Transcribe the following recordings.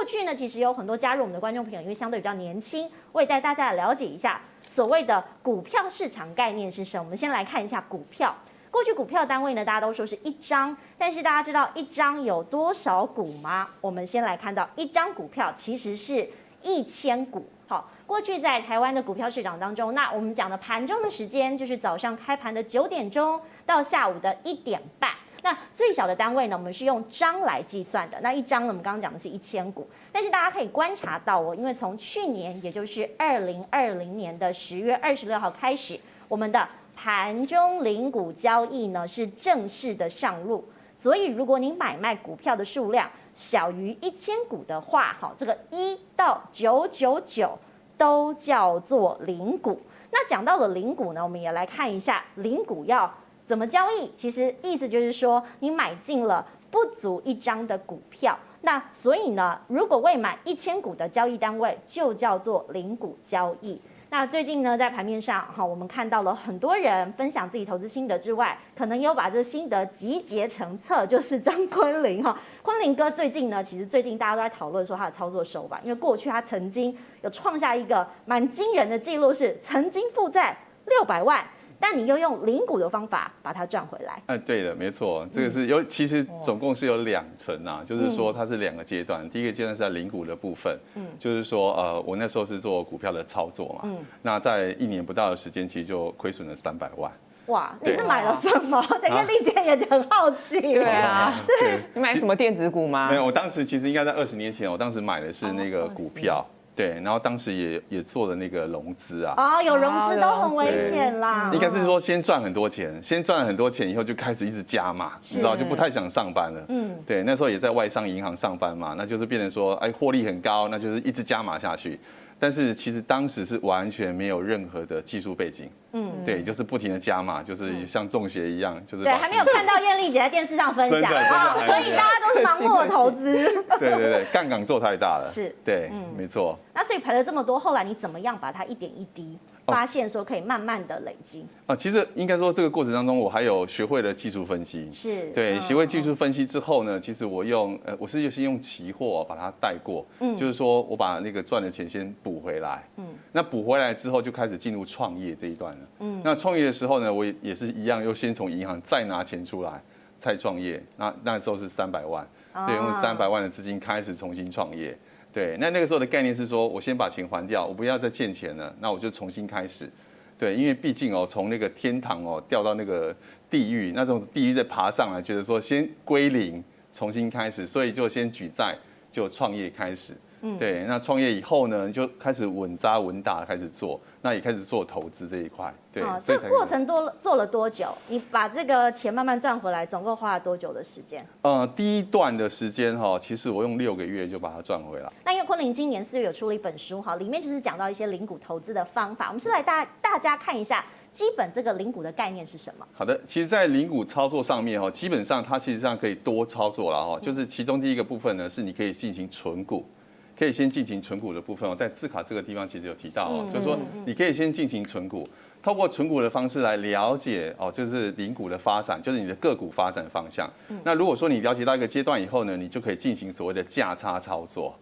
過去呢，其實有很多加入我們的觀眾朋友，因為相對比較年輕，我也帶大家了解一下所謂的股票市場概念是什麼。我們先來看一下股票。過去股票單位呢，大家都說是一張，但是大家知道一張有多少股嗎？我們先來看到一張股票其實是一千股。好，過去在台灣的股票市場當中，那我們講的盤中的時間就是早上開盤的九點鐘到下午的一點半。那最小的單位呢？我們是用張來計算的。那一張呢？我們剛剛講的是一千股。但是大家可以觀察到哦，因為從去年，也就是二零二零年的十月二十六號開始，我們的盤中零股交易呢是正式的上路。所以，如果你買賣股票的數量小於一千股的話，好，這個一到九九九都叫做零股。那講到了零股呢，我們也來看一下零股要。怎麼交易？其實意思就是說，你買進了不足一張的股票，那所以呢，如果未滿一千股的交易單位，就叫做零股交易。那最近呢，在盤面上哈，我們看到了很多人分享自己投資心得之外，可能也有把這個心得集結成冊，就是張坤林哈。坤林哥最近呢，其實最近大家都在討論說他的操作手法，因為過去他曾經有創下一個蠻驚人的記錄，是曾經負債六百萬。但你又用零股的方法把它賺回來，啊。哎，對的，沒錯，這個是有，其實總共是有兩層啊，嗯、就是說它是兩個階段，嗯。第一個階段是在零股的部分，嗯，就是說呃，我那時候是做股票的操作嘛，嗯，那在一年不到的時間，其實就虧損了三百萬。哇，你是買了什麼？等一下麗姐也就很好奇啊，對啊，對，你買什麼電子股嗎？沒有，我當時其實應該在二十年前，我當時買的是那個股票。哦對，然後當時也也做了那個融資啊，哦，有融資都很危險啦。嗯、應該是說先賺很多錢、嗯，先賺了很多錢以後就開始一直加碼，你知道，就不太想上班了。嗯，對，那時候也在外商銀行上班嘛，那就是變成說，哎，獲利很高，那就是一直加碼下去。但是其實當時是完全沒有任何的技術背景，嗯，嗯，對，就是不停的加碼，就是像中邪一樣，就是對，還沒有看到艷麗姐在電視上分享 真的真的。所以大家都是盲目投資， 對對對，槓桿做太大了，是對，嗯，沒錯。那所以賠了這麼多，後來你怎麼樣把它一點一滴？發現說可以慢慢的累積啊，其實應該說這個過程當中，我還有學會了技術分析，是對、嗯、學會技術分析之後呢，其實我用呃我是先用期貨把它帶過，嗯，就是說我把那個賺的錢先補回來，嗯，那補回來之後就開始進入創業這一段了，嗯，那創業的時候呢，我也也是一樣，又先從銀行再拿錢出來再創業，那那時候是三百萬，所以用三百萬的資金開始重新創業。嗯嗯對，那那個時候的概念是說，我先把錢還掉，我不要再欠錢了，那我就重新開始。對，因為畢竟哦，從那個天堂哦掉到那個地獄，那種地獄再爬上來，覺得說先歸零，重新開始，所以就先舉債，就創業開始。嗯，對，那創業以後呢，就開始穩紮穩打開始做，那也開始做投資這一塊，對、哦。這個過程多做了多久？你把這個錢慢慢賺回來，總共花了多久的時間？呃，第一段的時間哈，其實我用六個月就把它賺回來。那因為昆凌今年四月有出了一本書哈，裡面就是講到一些零股投資的方法。我們是來帶大家看一下，基本這個零股的概念是什麼？好的，其實在零股操作上面哈，基本上它其實上可以多操作了哈，就是其中第一個部分呢，是你可以進行存股。可以先進行存股的部分哦，在字卡這個地方其實有提到哦，就是說你可以先進行存股，透過存股的方式來了解哦，就是零股的發展，就是你的個股發展方向。那如果說你了解到一個階段以後呢，你就可以進行所謂的價差操作。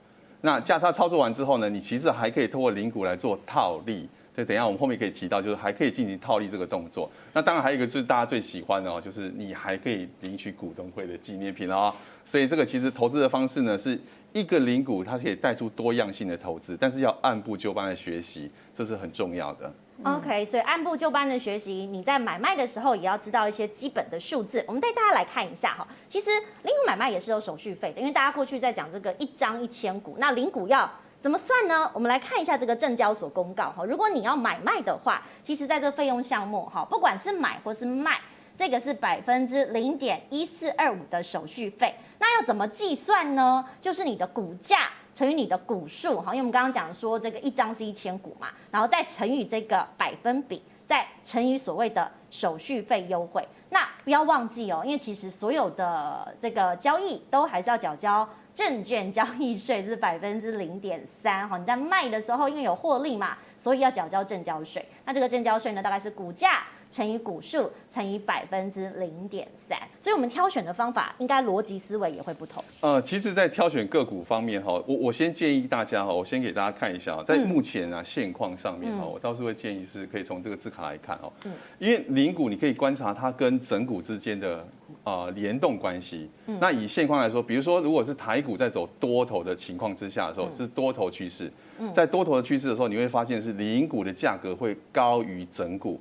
那價差操作完之後呢，你其實還可以透過零股來做套利。就等一下，我們後面可以提到，就是還可以進行套利這個動作。那當然還有一個就是大家最喜歡的哦，就是你還可以領取股東會的紀念品哦。所以這個其實投資的方式呢，是一個零股，它可以帶出多樣性的投資，但是要按部就班的學習，這是很重要的，嗯。OK，所以按部就班的學習，你在買賣的時候也要知道一些基本的數字。我們帶大家來看一下哈，其實零股買賣也是有手續費的，因為大家過去在講這個一張一千股，那零股要。怎麼算呢？我們來看一下這個證交所公告哈。如果你要買賣的話，其實在這費用項目哈，不管是買或是賣，這個是百分之零點一四二五的手續費。那要怎麼計算呢？就是你的股價乘以你的股數哈，因為我們剛剛講說這個一張是一千股嘛，然後再乘以這個百分比，再乘以所謂的手續費優惠。那不要忘記哦，因為其實所有的這個交易都還是要繳交證券交易稅是百分之零點三哈，你在賣的時候因為有獲利嘛，所以要繳交證交稅。那這個證交稅呢，大概是股價乘以股數乘以百分之零點三。所以，我們挑選的方法應該邏輯思維也會不同。呃，其實，在挑選個股方面哈，我我先建議大家哈，我先給大家看一下啊，在目前啊現況上面哈、嗯，我倒是會建議是可以從這個字卡來看哦，因為零股你可以觀察它跟整股之間的。啊，聯動關係、嗯。那以現況來說，比如說，如果是台股在走多頭的情況之下的時候，是多頭趨勢。在多頭的趨勢的時候，你會發現是零股的價格會高於整股，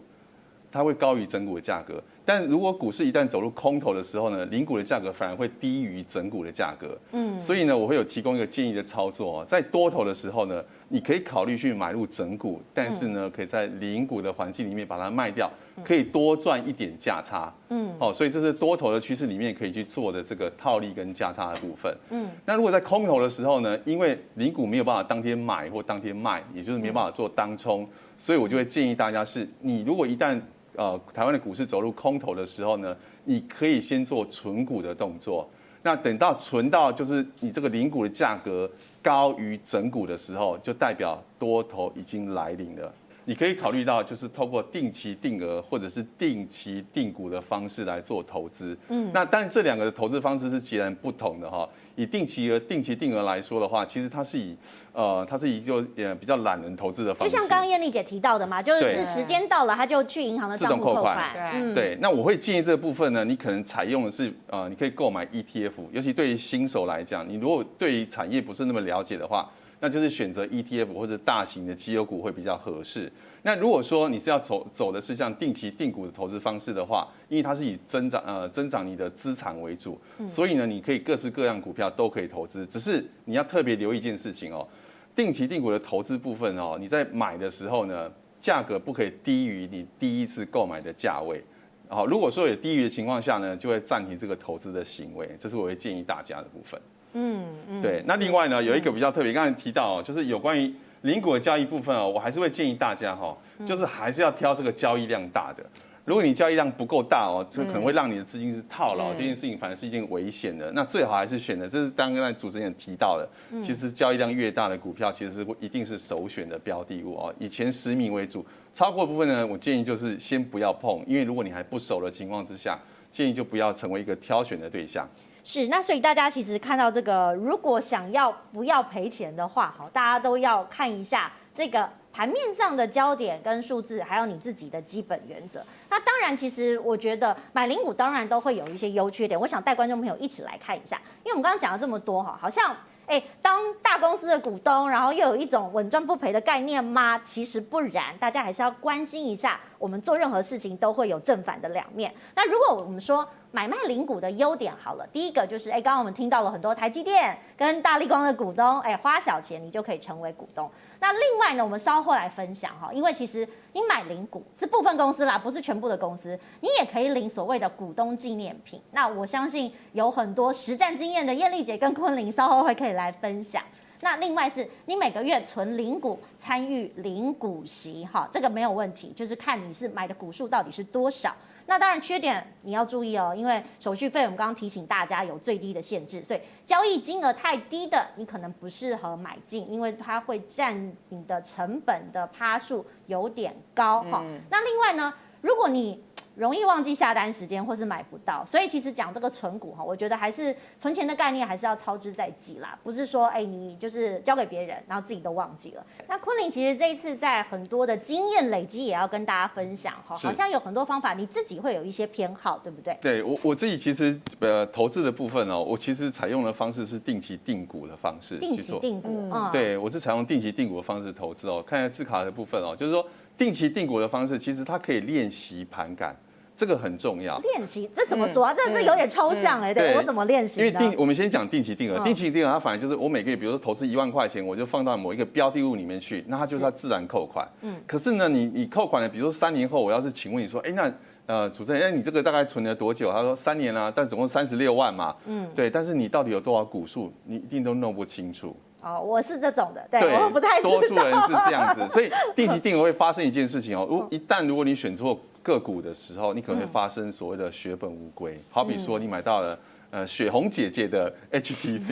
它會高於整股的價格。但如果股市一旦走入空頭的時候呢，零股的價格反而會低於整股的價格。所以呢，我會有提供一個建議的操作、哦，在多頭的時候呢，你可以考慮去買入整股，但是呢，可以在零股的環境裡面把它賣掉。可以多賺一點價差，嗯，好、哦，所以這是多頭的趨勢裡面可以去做的這個套利跟價差的部分，嗯，那如果在空頭的時候呢，因為零股沒有辦法當天買或當天賣，也就是沒有辦法做當沖、嗯，所以我就會建議大家是，你如果一旦呃台灣的股市走入空頭的時候呢，你可以先做存股的動作，那等到存到就是你這個零股的價格高於整股的時候，就代表多頭已經來臨了。你可以考慮到，就是透過定期定額或者是定期定股的方式來做投資。嗯，那當然這兩個的投資方式是截然不同的哈。以定期額、定期定額來說的話，其實它是以呃，它是以就呃比較懶人投資的方式。就像剛剛艷麗姐提到的嘛，就是時間到了，它就去銀行的自動扣款。對對。那我會建議這個部分呢，你可能採用的是呃，你可以購買 ETF，尤其對於新手來講，你如果對於產業不是那麼了解的話。那就是選擇 ETF 或者大型的績優股會比較合適。那如果說你是要走走的是像定期定股的投資方式的話，因為它是以增長呃增長你的資產為主，所以呢你可以各式各樣股票都可以投資，只是你要特別留意一件事情哦，定期定股的投資部分哦，你在買的時候呢價格不可以低於你第一次購買的價位。好，如果說有低於的情況下呢，就會暫停這個投資的行為，這是我會建議大家的部分。嗯嗯，對，那另外呢，有一個比較特別，剛、嗯、才提到哦、喔，就是有關於零股的交易部分哦、喔，我還是會建議大家哦、喔嗯，就是還是要挑這個交易量大的，如果你交易量不夠大哦、喔，就可能會讓你的資金是套牢，這、嗯、件事情反而是一件危險的。那最好還是選擇，這是剛剛主持人提到的，其實交易量越大的股票，其實會一定是首選的標的物哦、喔，以前十名為主，超過的部分呢，我建議就是先不要碰，因為如果你還不熟的情況之下，建議就不要成為一個挑選的對象。是，那所以大家其實看到這個，如果想要不要賠錢的話，哈，大家都要看一下這個盤面上的焦點跟數字，還有你自己的基本原則。那當然，其實我覺得買零股當然都會有一些優缺點，我想帶觀眾朋友一起來看一下。因為我們剛剛講了這麼多哈，好像誒，當大公司的股東，然後又有一種穩賺不賠的概念嗎？其實不然，大家還是要關心一下。我們做任何事情都會有正反的兩面。那如果我們說買賣零股的優點好了，第一個就是，哎，剛剛我們聽到了很多台積電跟大立光的股東，哎，花小錢你就可以成為股東。那另外呢，我們稍後來分享哈，因為其實你買零股是部分公司啦，不是全部的公司，你也可以領所謂的股東紀念品。那我相信有很多實戰經驗的艷麗姐跟昆凌，稍後會可以來分享。那另外是，你每個月存零股參與零股息，哈，這個沒有問題，就是看你是買的股數到底是多少。那當然缺點你要注意哦，因為手續費我們剛剛提醒大家有最低的限制，所以交易金額太低的，你可能不適合買進，因為它會佔你的成本的趴數有點高，哈、嗯。那另外呢，如果你容易忘記下單時間，或是買不到，所以其實講這個存股哈，我覺得還是存錢的概念還是要操之在己啦，不是說哎你就是交給別人，然後自己都忘記了。那昆凌其實這一次在很多的經驗累積，也要跟大家分享哈，好像有很多方法，你自己會有一些偏好，對不對？對我我自己其實呃投資的部分哦，我其實採用的方式是定期定股的方式，定期定股啊、嗯，對我是採用定期定股的方式投資哦。看一下字卡的部分哦，就是說定期定股的方式，其實它可以練習盤感。這個很重要練習，練習這怎麼說啊？嗯、這這有點抽象哎，對，對我怎麼練習？因為定我們先講定期定額，定期定額它反而就是我每個月，比如說投資一萬塊錢，我就放到某一個標的物裡面去，那它就是它自然扣款。嗯。可是呢，你你扣款呢，比如說三年後我要是請問你說，哎、欸、那呃主持人，哎你這個大概存了多久？他說三年啦、啊，但總共三十六萬嘛。嗯。對，但是你到底有多少股數，你一定都弄不清楚。我是這種的，對，我不太。多數人是這樣子，所以定期定額會發生一件事情哦。如果一旦如果你選錯個股的時候，你可能會發生所謂的血本無歸。好比說你買到了呃雪紅姐姐的 HTC，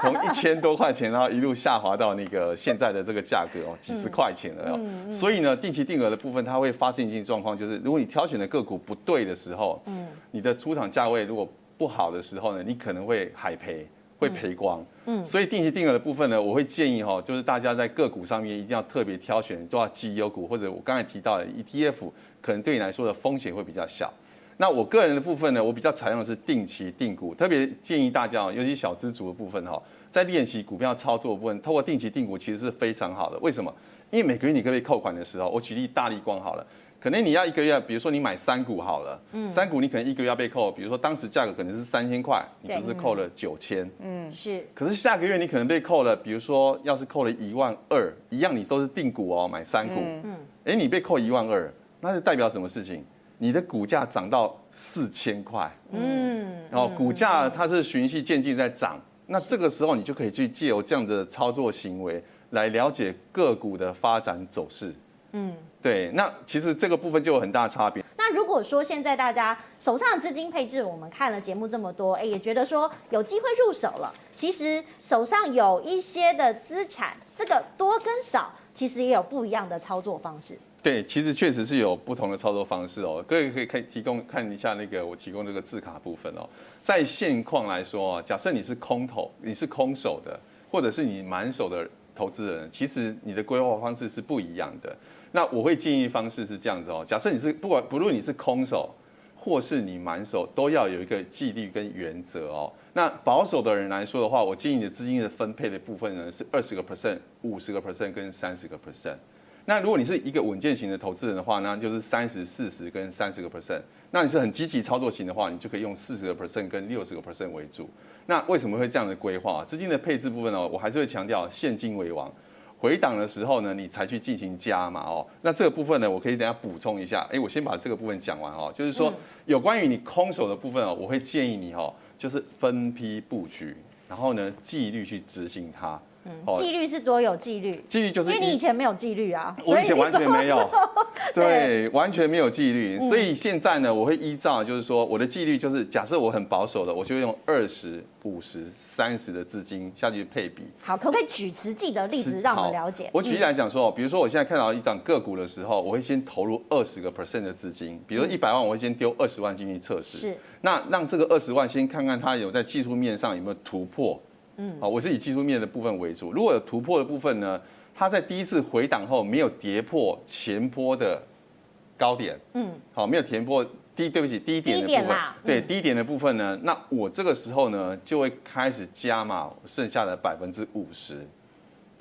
從一千多塊錢然後一路下滑到那個現在的這個價格哦，幾十塊錢了。所以呢，定期定額的部分它會發生一些狀況，就是如果你挑選的個股不對的時候，嗯，你的出場價位如果不好的時候呢，你可能會海賠。會賠光，嗯，所以定期定額的部分呢，我會建議哈，就是大家在個股上面一定要特別挑選，做到績優股或者我剛才提到的 ETF，可能對你來說的風險會比較小。那我個人的部分呢，我比較採用的是定期定股，特別建議大家哦，尤其小資族的部分哈，在練習股票操作的部分，透過定期定股其實是非常好的。為什麼？因為每個月你可以扣款的時候，我舉例大立光好了。可能你要一個月，比如說你買三股好了，嗯、三股你可能一個月要被扣，比如說當時價格可能是三千塊，你就是扣了九千，嗯，是。可是下個月你可能被扣了，比如說要是扣了一萬二，一樣你都是定股哦，買三股，嗯，哎、嗯，欸、你被扣一萬二，那是代表什麼事情？你的股價漲到四千塊，嗯，然後股價它是循序漸進在漲、嗯，那這個時候你就可以去借由這樣的操作行為來了解個股的發展走勢。嗯，對，那其實這個部分就有很大差別。那如果說現在大家手上的資金配置，我們看了節目這麼多，哎、欸，也覺得說有機會入手了。其實手上有一些的資產，這個多跟少，其實也有不一樣的操作方式。對，其實確實是有不同的操作方式哦、喔。各位可以看提供看一下那個我提供這個字卡部分哦、喔。在現況來說啊，假設你是空頭，你是空手的，或者是你滿手的投資人，其實你的規劃方式是不一樣的。那我會建議的方式是這樣子哦，假設你是不管不論你是空手或是你滿手，都要有一個紀律跟原則哦。那保守的人來說的話，我建議你的資金的分配的部分呢，是二十個 percent、五十個 percent 跟三十個 percent。那如果你是一個穩健型的投資人的話呢，那就是三十、四十跟三十個 percent。那你是很積極操作型的話，你就可以用四十個 percent 跟六十個 percent 為主。那為什麼會這樣的規劃？資金的配置部分呢、哦，我還是會強調現金為王。回檔的時候呢，你才去進行加碼哦。那這個部分呢，我可以等一下補充一下。哎，我先把這個部分講完哦、喔。就是說，有關於你空手的部分哦、喔，我會建議你哦、喔，就是分批布局，然後呢，紀律去執行它。嗯，紀律是多有紀律，紀律就是因為你以前沒有紀律啊，所以，我以前完全沒有， 對，對，完全沒有紀律、嗯，所以現在呢，我會依照就是說我的紀律就是假設我很保守的，我就用二十五十三十的資金下去配比。好，可不可以舉實際的例子讓我們了解？我舉例來講說、嗯，比如說我現在看到一張個股的時候，我會先投入二十個 percent 的資金，比如一百萬，我會先丟二十萬進去測試，是，那讓這個二十萬先看看它有在技術面上有沒有突破。嗯，好，我是以技術面的部分為主。如果有突破的部分呢，它在第一次回檔後沒有跌破前波的高點，嗯，好，沒有填破低，對不起，低點的部分，低點啊，嗯、對低點的部分呢，那我這個時候呢、嗯、就會開始加碼，剩下的百分之五十。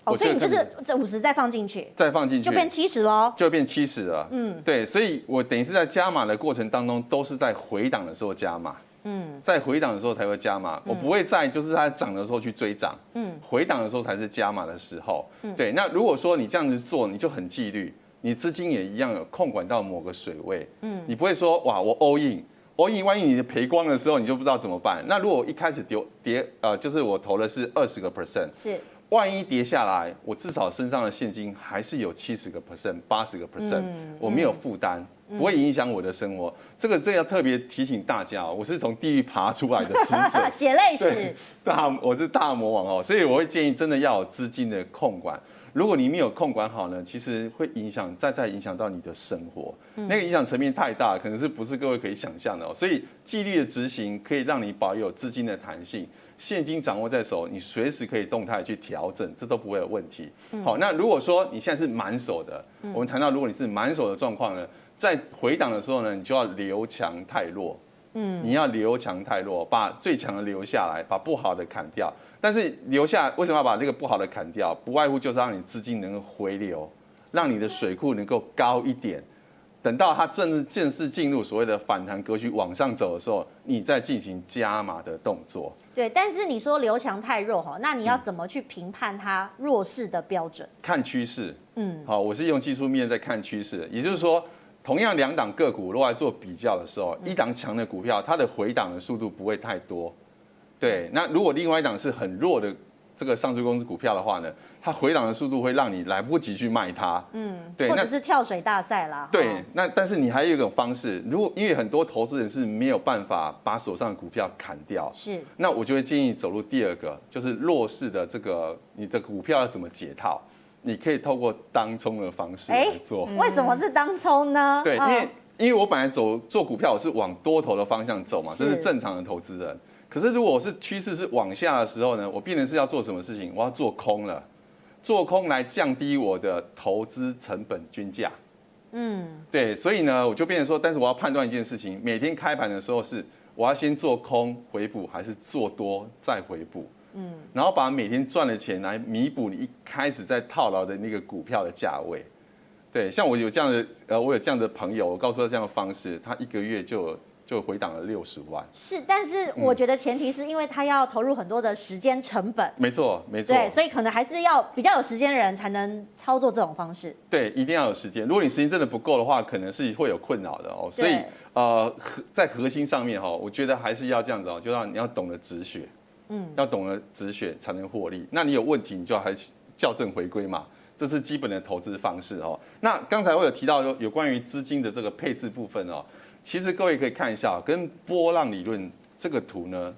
哦，所以你就是這五十再放進去，再放進去就變七十嘍，就變七十了。嗯，對，所以我等於是在加碼的過程當中，都是在回檔的時候加碼。嗯，在回檔的時候才會加碼，嗯，我不會在就是它漲的時候去追漲，嗯，回檔的時候才是加碼的時候，嗯。對，那如果說你這樣子做，你就很紀律，你資金也一樣有控管到某個水位，嗯，你不會說哇我 all in，all in，萬一你賠光的時候，你就不知道怎麼辦。那如果一開始跌，呃，就是我投的是二十個 percent，是，萬一跌下來，我至少身上的現金還是有七十個 percent，八十個 percent，我沒有負擔。嗯，嗯。不會影響我的生活，這個這個要特別提醒大家哦。我是從地獄爬出來的使血淚史。對，大我是大魔王哦，所以我會建議，真的要有資金的控管。如果你沒有控管好呢，其實會影響，再再影響到你的生活。那個影響層面太大，可能是不是各位可以想象的哦。所以紀律的執行可以讓你保有資金的彈性，現金掌握在手，你隨時可以動態去調整，這都不會有問題。好，那如果說你現在是滿手的，我們談到如果你是滿手的狀況呢？在回檔的時候呢，你就要留強汰弱，嗯，你要留強汰弱，把最強的留下來，把不好的砍掉。但是留下為什麼要把這個不好的砍掉？不外乎就是讓你資金能夠回流，讓你的水庫能夠高一點。等到它正式正式進入所謂的反彈格局往上走的時候，你再進行加碼的動作。對，但是你說留強汰弱哈，那你要怎麼去評判它弱勢的標準？嗯，看趨勢，嗯，好，我是用技術面在看趨勢，也就是說。同樣，兩檔個股如果來做比較的時候，一檔強的股票，它的回檔的速度不會太多，對。那如果另外一檔是很弱的這個上市公司股票的話呢，它回檔的速度會讓你來不及去賣它，嗯，對。或者是跳水大賽啦。對，那但是你還有一種方式，如果因為很多投資人是沒有辦法把手上的股票砍掉，是，那我就會建議走入第二個，就是弱勢的這個你的股票要怎麼解套。你可以透過當沖的方式來做，為什麼是當沖呢？對，因為因為我本來走做股票，我是往多頭的方向走嘛，這是正常的投資人。可是如果我是趨勢是往下的時候呢，我變成是要做什麼事情？我要做空了，做空來降低我的投資成本均價。嗯，對，所以呢，我就變成說，但是我要判斷一件事情，每天開盤的時候是我要先做空回補，還是做多再回補？嗯、然後把每天賺的錢來彌補你一開始在套牢的那個股票的價位，對，像我有這樣的呃，我有這樣的朋友，我告訴他這樣的方式，他一個月就就回檔了六十萬。嗯。是，但是我覺得前提是因為他要投入很多的時間成本。嗯、沒錯，沒錯。對，所以可能還是要比較有時間的人才能操作這種方式。對，一定要有時間。如果你時間真的不夠的話，可能是會有困擾的哦。所以呃，在核心上面哈、哦，我覺得還是要這樣子哦，就讓你要懂得止血。嗯，要懂得止血才能獲利。那你有問題，你就要還校正回歸嘛，這是基本的投資方式哦。那剛才我有提到說，有關於資金的這個配置部分哦，其實各位可以看一下，跟波浪理論這個圖呢，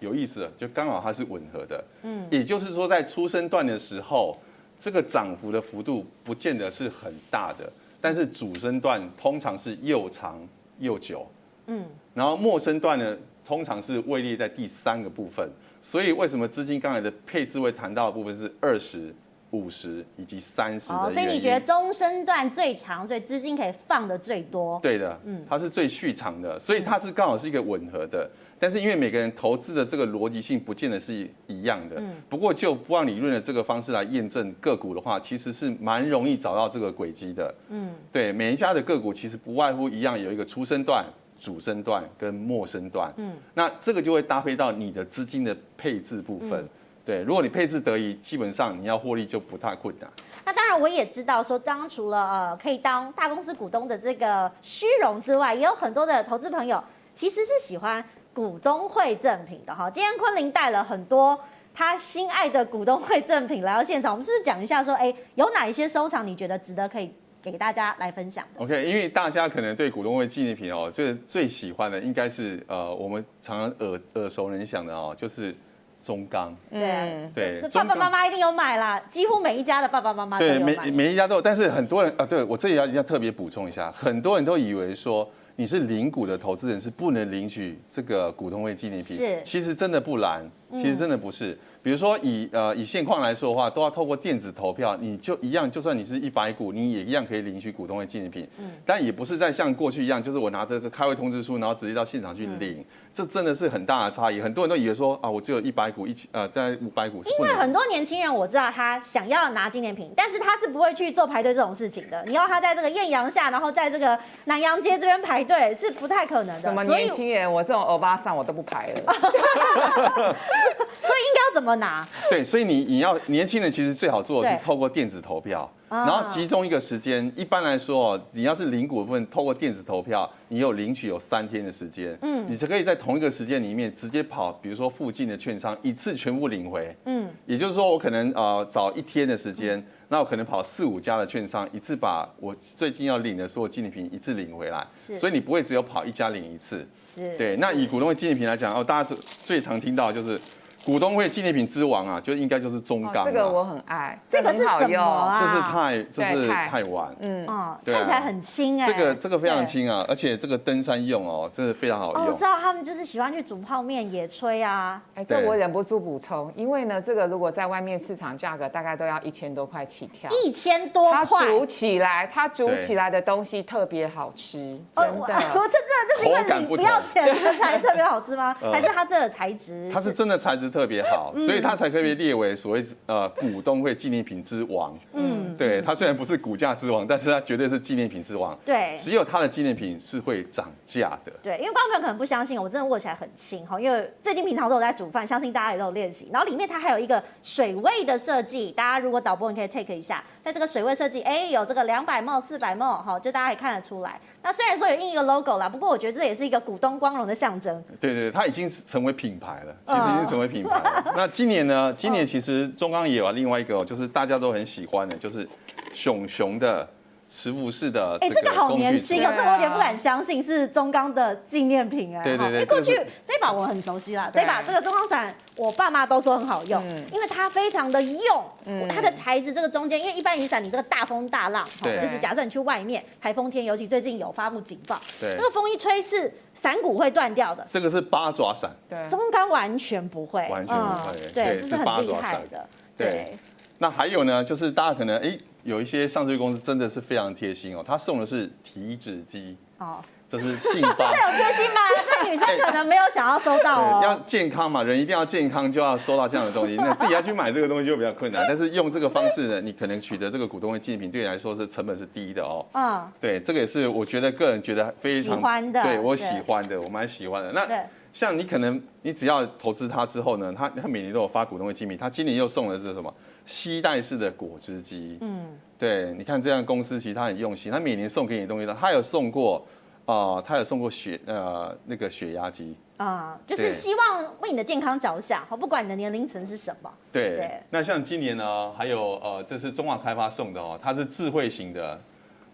有意思，就剛好它是吻合的。嗯，也就是說，在初升段的時候，這個漲幅的幅度不見得是很大的，但是主升段通常是又長又久。嗯，然後末升段呢，通常是位列在第三個部分。所以為什麼資金剛才的配置會談到的部分是二十、五十以及三十？所以你覺得中升段最長，所以資金可以放得最多？對的，嗯，它是最續長的，所以它是剛好是一個吻合的。但是因為每個人投資的這個邏輯性不見得是一樣的。嗯，不過就不按理論的這個方式來驗證個股的話，其實是蠻容易找到這個軌跡的。嗯，對，每一家的個股其實不外乎一樣，有一個初升段，主升段跟末升段，嗯，那這個就會搭配到你的資金的配置部分，嗯，對，如果你配置得宜，基本上你要獲利就不太困難。那當然我也知道說，當除了呃可以當大公司股東的這個虛榮之外，也有很多的投資朋友其實是喜歡股東會贈品的哈。今天昆凌帶了很多他心愛的股東會贈品來到現場，我們是不是講一下說，哎，有哪一些收藏你覺得值得可以？給大家來分享的。OK，因為大家可能對股東會紀念品哦，最最喜歡的應該是呃，我們常常耳耳熟能詳的哦，就是中鋼、嗯。對對，這爸爸媽媽一定有買啦，幾乎每一家的爸爸媽媽都有買了。對，每每一家都有，但是很多人啊，對我這裡要要特別補充一下，很多人都以為說你是零股的投資人是不能領取這個股東會紀念品，是其實真的不難。其實真的不是，比如說以呃以現況來說的話，都要透過電子投票，你就一樣，就算你是一百股，你也一樣可以領取股東的紀念品，嗯。但也不是在像過去一樣，就是我拿這個開會通知書，然後直接到現場去領，嗯、這真的是很大的差異。很多人都以為說啊，我只有一百股，一呃在五百股。因為很多年輕人我知道他想要拿紀念品，但是他是不會去做排隊這種事情的。你要他在這個艷陽下，然後在這個南陽街這邊排隊，是不太可能的。什麼年輕人，我這種歐巴桑，我都不排了。 所以應該要怎麼拿？對，所以你你要年輕人其實最好做的是透過電子投票，然後集中一個時間。一般來說哦，你要是領股份，透過電子投票，你有領取有三天的時間，嗯，你才可以在同一個時間裡面直接跑，比如說附近的券商一次全部領回，嗯，也就是說我可能呃找一天的時間。那我可能跑四五家的券商，一次把我最近要領的所有紀念品一次領回來，是，所以你不會只有跑一家領一次，是，對。那以股東會紀念品來講，哦，大家最最常聽到就是。股東會紀念品之王啊，就應該就是中鋼，啊哦。這個我很愛，很這個是什麼，啊？這是鈦，這是鈦碗。嗯、哦啊，看起來很輕哎、欸。這個這個非常輕啊，而且這個登山用哦，真的非常好用。哦、我知道他們就是喜歡去煮泡麵、野炊啊。哎、欸，這我忍不住補充，因為呢，這個如果在外面市場價格，大概都要一千多塊起跳。一千多塊。煮起來，它煮起來的東西特別好吃真的。哦，我這這、啊、這是因為你不要錢的才特別好吃嗎？嗯、還是它真的材質？它是真的材質。特別好，所以它才可以列為所謂呃股東會紀念品之王。嗯，對它雖然不是股價之王，但是它絕對是紀念品之王。對，只有它的紀念品是會漲價的。對，因為觀眾朋友可能不相信，我真的握起來很輕哈，因為最近平常都是在煮飯，相信大家也都有練習。然後裡面它還有一個水位的設計，大家如果導播，你可以 take 一下，在這個水位設計，哎，有這個兩百 ml 四百 ml 哈，就大家也看得出來。那雖然說有印一個 logo 啦，不過我覺得這也是一個股東光榮的象徵。對,對對，它已經成為品牌了，其實已經成為品牌了。哦 那今年呢？今年其實中鋼也有、啊、另外一個，就是大家都很喜歡的，就是熊熊的。十五式的，哎、欸，這個好年輕哦，喔啊，這我有點不敢相信，是中鋼的紀念品哎。對對對。過去這，這把我很熟悉啦，這把這個中鋼傘，我爸媽都說很好用，嗯，因為它非常的用。嗯，它的材質這個中間，因為一般雨傘你這個大風大浪，就是假設你去外面台風天，尤其最近有發布警報，對那個風一吹是傘骨會斷掉的。這個是八爪傘，對，中鋼完全不會，完全不會，哦，對，對，對，這是很厲害的對。對。那還有呢，就是大家可能哎。欸有一些上市公司真的是非常貼心哦，他送的是體脂機哦，oh. 這是信發， 這有貼心嗎？這個、女生可能沒有想要收到哦。要健康嘛，人一定要健康，就要收到這樣的東西，那自己要去買這個東西就比較困難。 但是用這個方式呢， 你可能取得這個股東的紀念品，對你來說是成本是低的哦。嗯、uh,，對，這個也是我覺得個人覺得非常喜歡的，對我喜歡的，我蠻喜歡的。那對像你可能你只要投資他之後呢，他他每年都有發股東的紀念品，他今年又送的是什麼？攜帶式的果汁機，嗯，對，你看這樣公司其實他很用心，他每年送給你的東西它他有送過，哦、呃，他有送過血，呃，那個血壓機，啊、嗯，就是希望為你的健康着想，哦，不管你的年齡層是什麼？對，對，那像今年呢，還有呃，這是中華開發送的哦，它是智慧型的。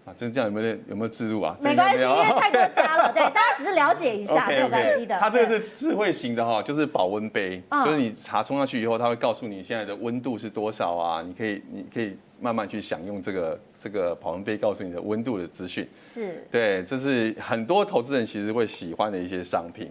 啊，真的這樣有沒有有沒有置入啊？沒關係，因為太多家了， 對，大家只是了解一下，okay, okay. 沒有關係的。它這個是智慧型的哈，就是保溫杯、嗯，就是你茶沖上去以後，它會告訴你現在的溫度是多少啊？你可以你可以慢慢去享用這個這個保溫杯告訴你的溫度的資訊。是，對，這是很多投資人其實會喜歡的一些商品。